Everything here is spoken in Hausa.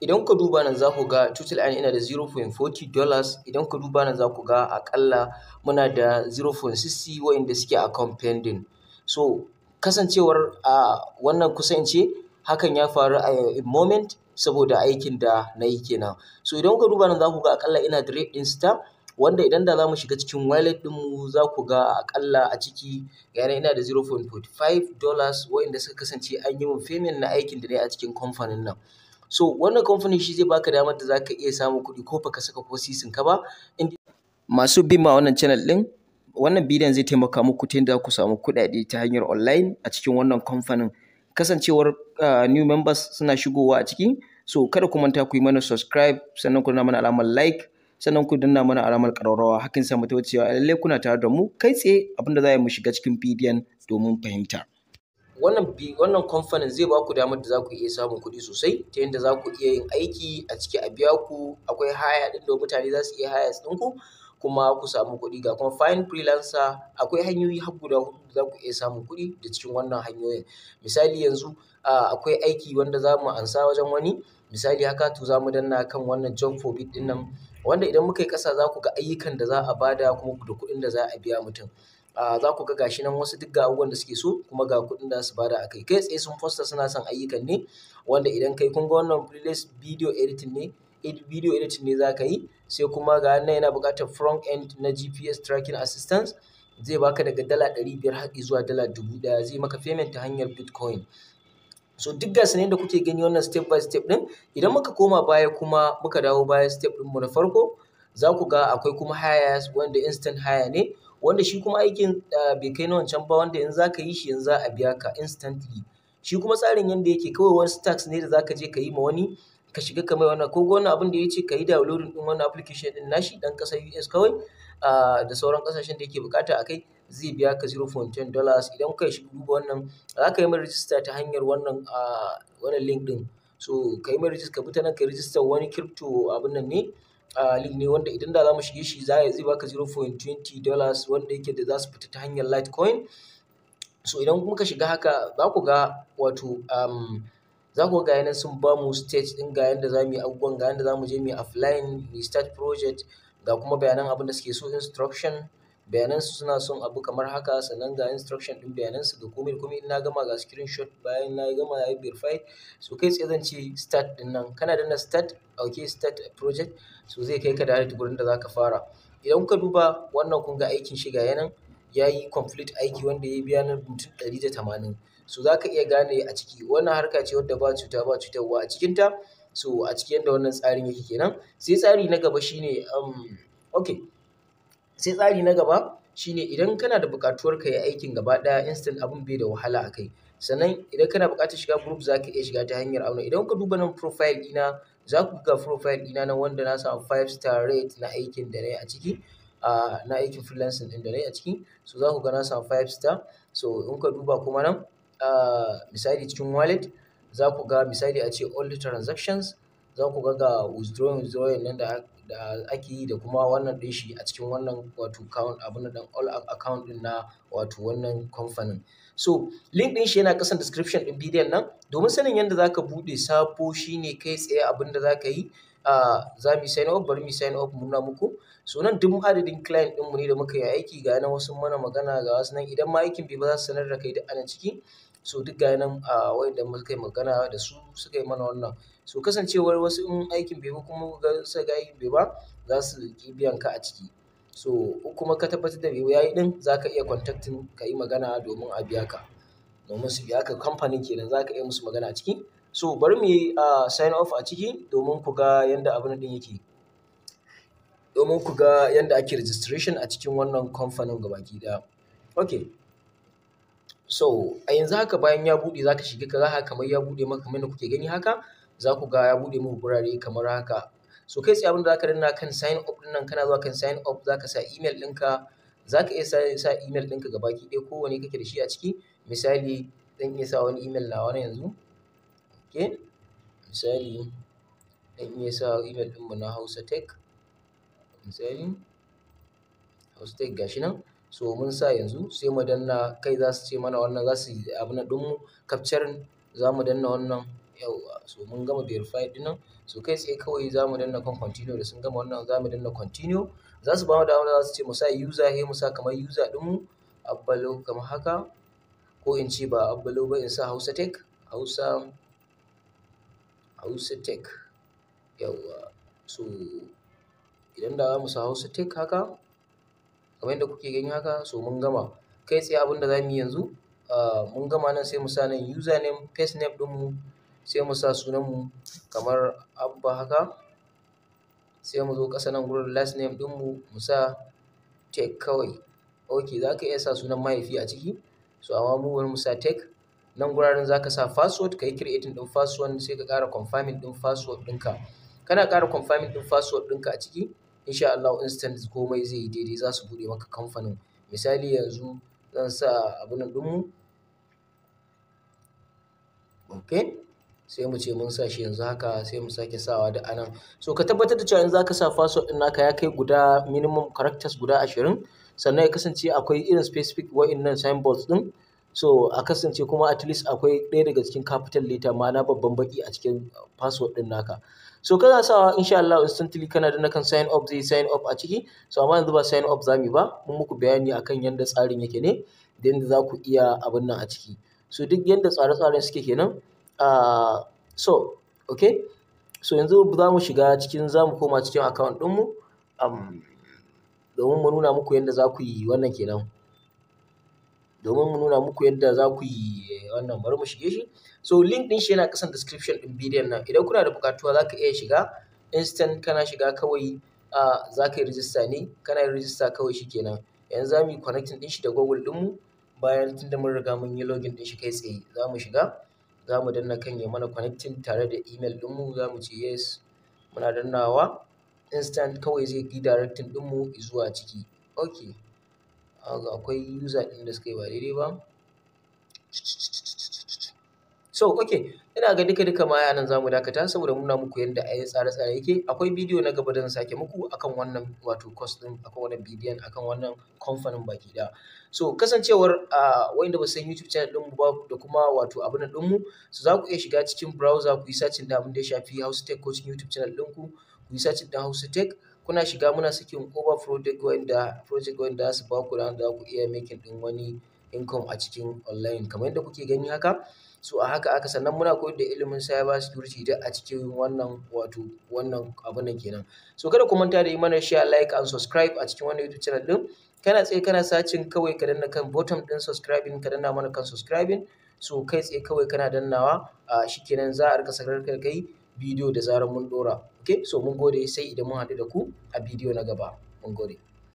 idan ka duba nan za ku ga total ayan ina da 0.40 dollars idan ka duba nan za ku ga akalla muna da 0.60 wa'inda suke a pending so kasancewar a wannan kusan hakan ya faru a moment saboda aikin da na yi kenan so idan ka duba nan za ku ga akalla ina da rate din star wanda idan da za mu shiga cikin wallet ɗinmu za ku ga akalla a ciki yana ina da 0.45 dollars wa'inda suka kasance an yi min payment na aikin da na yi a cikin kamfanin nan So wannan kamfanin shi zai baka damar da za ka iya samun kuɗi ko baka saka ko sisin ka ba. Masu bin ma wannan channel ɗin wannan bidiyon zai taimaka muku ta yadda ku samu kuɗaɗe ta hanyar online a cikin wannan kamfanin. Kasancewar ah, new members suna shigowa a ciki so kada ku manta ku yi mana subscribe sannan ku mana alamar like sannan ku danna mana alamar ƙararrawa hakan sa mutuwa ta cewa lallai kuna tare da mu kai tsaye abinda za mu shiga cikin bidiyon domin fahimta. wannan bi wannan kamfanin zai ba ku damar da za ku iya samun kuɗi sosai ta yadda za ku iya yin aiki a ciki a biya ku akwai haya ɗin da mutane za su iya haya ɗinku kuma ku samu kuɗi ga kuma fine freelancer akwai hanyoyi har guda hudu da za ku iya samun kuɗi da cikin wannan hanyoyin misali yanzu akwai aiki wanda za mu ansa wajen wani misali haka to za mu danna kan wannan job for bid ɗin nan wanda idan muka yi ƙasa za ku ga ayyukan da za a bada kuma da kuɗin da za a biya mutum za ku ga gashi nan wasu duk ga abubuwan da suke so kuma ga kuɗin da su bada a kai kai tsaye sun fosta suna son ayyukan ne wanda idan kai kun ga wannan playlist video editing ne video editing ne za ka yi sai kuma ga nan yana buƙatar front end na GPS tracking assistance zai baka daga dala ɗari biyar haɗi zuwa dala dubu ɗaya zai maka payment ta hanyar bitcoin so duk gasu ne da kuke gani wannan step by step ɗin idan muka koma baya kuma muka dawo baya step ɗin mu na farko za ku ga akwai kuma hires wanda instant hire ne wanda shi kuma aikin eh, bai kai na wancan ba wanda in za ka yi shi yanzu za a biya ka instantly shi kuma tsarin yanda yake kawai wani stacks ne da za ka je ka yi ma wani ka shiga ka mai wannan ko wani abin da ya ce ka yi downloading din wannan application din nashi dan kasar US kawai ah, da sauran kasashen da yake bukata a kai zai biya ka 0.10 dollars idan kai shi duba wannan za ka yi mai register ta hanyar wannan ah, wannan link din so ka yi mai register ka bi nan ka register wani crypto abin nan ne link ne wanda idan da za mu shige shi za zai baka 0.20 dollars wanda yake da za su fita ta hanyar Litecoin. So idan muka shiga haka za ku ga wato um, za ku ga yanar sun ba mu stage ɗin ga yadda za mu yi abubuwan ga yadda za mu je mu yi offline mu start project ga kuma bayanan abin da suke so instruction bayanansu suna son abu kamar haka sannan ga instruction ɗin su da komai komai na gama ga screenshot bayan na gama ya yi verify so kai tsaye zan ce start din nan kana na start okay start project so zai kai ka da direct gurin da zaka fara idan ka duba wannan kun ga aikin shiga yanan ya yi complete aiki wanda ya biya na mutum ɗari da tamanin so za ka iya gane a ciki wannan harka ce wadda ba cuta ba cutarwa a cikinta so a cikin yadda wannan tsarin yake kenan sai tsari na gaba shine um, okay sai tsari na gaba shine idan kana da buƙatuwar ka yi aikin gaba ɗaya instant abun bai da wahala a kai sannan idan kana buƙatar shiga group za ka iya shiga ta hanyar auna idan ka duba nan profile ɗina za ku ga profile ɗina na wanda na samu five star rate na aikin da na yi a ciki na aikin freelancing ɗin da na yi a ciki so za ku ga na samu five star so in ka duba kuma nan misali cikin wallet za ku ga misali a ce all the transactions za ku ga ga withdrawing withdrawing nan da ake yi da kuma wannan ɗin shi a cikin wannan wato account abun nan all account ɗin na wato wannan kamfanin. So link ɗin shi yana ƙasan description ɗin bidiyon nan domin sanin yadda za ka buɗe sabo shi kai tsaye abin da za ka yi za mu sign up bari mu sign up muna muku. So nan duk adadin client mu ne da muka yi aiki ga nan wasu mana magana ga wasu nan idan ma aikin bai ba za su sanar da kai da ana ciki. So duk ga nan wa'inda muka yi magana da su suka yi mana wannan. so kasancewar wasu in aikin bai ba kuma ga sa ga aikin bai ba za su ki biyan ka a ciki so kuma ka tabbatar da bai yayi din zaka iya contacting ka yi magana domin a biya ka domin su biya ka kamfanin kenan zaka iya musu magana a ciki so bari mu sign off a ciki domin ku ga yanda abin din yake domin ku ga yanda ake registration a cikin wannan kamfanin gabaki daya okay so a yanzu haka bayan ya buɗe zaka shiga kaga haka kamar ya buɗe maka kamar da kuke gani haka za ku ga ya bude muku gurare kamar haka so kai tsaye abin da za ka danna kan sign up ɗin nan kana zuwa kan sign up za ka sa email ɗinka za ka iya sa email ɗinka gabaki ɗaya kowane kake da shi a ciki misali zan iya sa wani email na na yanzu okay misali zan iya sa email ɗinmu na hausa tech misali hausa tech gashi nan so mun sa yanzu sai mu danna kai za su ce mana wannan za su abin ɗinmu capture za mu danna wannan yauwa so mun gama verified dinnan so kai tsaye kawai za mu danna kan continue da sun gama wannan za mu danna continue za su ba mu dama za su ce mu sa user he mu sa kamar user mu, abbalo kamar haka ko in ce ba abbalo ba in sa hausa tech hausa hausa tech yauwa so idan da za mu sa hausa tech haka kamar yadda kuke gani haka so mun gama kai tsaye abin da za mu yi yanzu ah, mun gama nan sai mu sa nan username first name mu. sai mu sa sunanmu kamar Abba haka. Sai mu zo ƙasa nan gurin last name ɗinmu mu sa tek kawai. Ok, za ka iya sa sunan mahaifi a ciki. So amma mu wani mu sa tek Nan guraren za ka sa password, ka yi creating ɗin password sai ka ƙara confirming ɗin password ɗinka. Kana ƙara confirming ɗin password ɗinka a ciki, insha Allah instant komai zai yi daidai za su buɗe maka kamfanin. Misali yanzu zan sa abun nan ɗinmu. Okay. sai mu ce mun sa shi yanzu haka sai mu sake sawa da anan so ka tabbatar da cewa yanzu zaka sa password din naka ya kai guda minimum characters guda 20 sannan ya kasance akwai irin specific wa'annan symbols din so a kasance kuma at least akwai ɗaya daga cikin capital letter ma'ana babban baki a cikin password din naka so kana sawa insha Allah instantly kana da nakan sign up zai sign up a ciki so amma yanzu ba sign up zamu ba mun muku bayani akan yanda tsarin yake ne da yanda za ku iya abin nan a ciki so duk yanda tsare-tsaren suke kenan Ah, so okay so yanzu za mu shiga cikin za mu koma cikin account ɗinmu um, domin mu nuna muku yadda za ku yi wannan kenan domin mu nuna muku yadda za ku yi wannan bari mu shige shi so link ɗin shi yana ƙasan description ɗin bidiyon nan idan kuna da buƙatuwa za ka iya shiga instant kana shiga kawai uh, za ka yi rijista ne kana yi rijista kawai shi kenan yanzu za mu yi connecting ɗin shi da google ɗinmu bayan tunda mun riga mun yi login ɗin shi kai tsaye za mu shiga za mu danna kan ya mana connecting tare da email ɗinmu za mu ce yes muna dannawa instant kawai zai yi redirecting ɗinmu zuwa ciki ok akwai user ɗin da suka yi ba daidai ba So, ok ina ga duka-duka ma yanan za mu dakata saboda muna muku yadda a yi tsare-tsare yake. Akwai bidiyo na gaba da sake muku akan wannan wato course din akan wannan bidiyon, akan wannan kamfanin baki da So, kasancewar a wanda ba san YouTube channel mu ba da kuma wato abin nan mu so za ku iya shiga cikin browser ku yi searching da abin da ya shafi House Tech Coaching YouTube channel ɗinku, ku yi searching da House Tech. Kuna shiga muna sakin over project wanda project wanda su ba ku da za ku iya making din wani income a cikin online kamar yadda kuke gani haka. so a haka aka sannan muna koyar da ilimin cyber security duk a cikin wannan wato wannan abun nan kenan so kada ku manta da yi mana share like and subscribe a cikin wannan youtube channel din kana tsaye kana sacin kawai ka danna kan bottom din subscribing ka danna mana kan subscribing so kai tsaye kawai kana dannawa a shikenan za a rika sakar da kai bidiyo da zarar mun dora okay so mun gode sai idan mun haɗu da ku a bidiyo na gaba mun gode